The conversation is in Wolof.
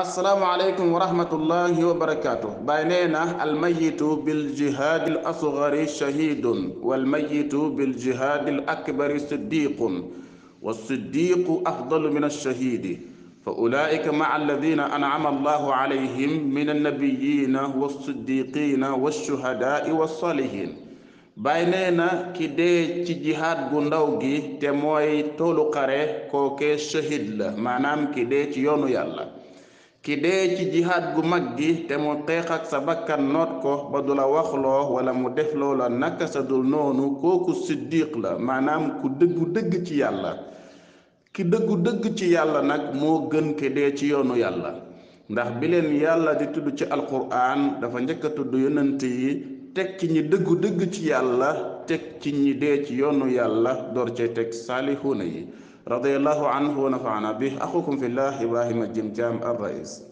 asalaamaaleykum wa rahmatullahi wa barakaatu Baay nee na almayitu bil jihaadil asgari shahidun walmayitu bil jihaadil akbari siddiqun wasiddiqu afdalu min alshahidi fa ulaika maa alladina anama allahu alayhim min annabiyina wasiddiqina walshuhadaai walsalihin Baay nee na ki dee ci jihaad gu ndaw gi te mooy toolu xare kookee shahid la maanaam ki dee ci yoonu yàlla ki dee ci jihaat gu mag gi te mu xeex ak sa bakkan noot ko ba du la waxloo wala mu def loo la naka sa dul noonu kooku siddiq la maanaam ku déggu dëgg ci yàlla ki dëggu dëgg ci yàlla nag moo gën ki ci yoonu yàlla ndax bi yàlla di tudd ci alquran dafa njëkk a tudd yonent yi teg ci ñi dëggu dëgg ci yàlla teg ci ñi dee ci yoonu yàlla door cay teg salihuna yi radiallahu anhu wa nafaana bih axukum fillah ibrahima jimjaam ar rais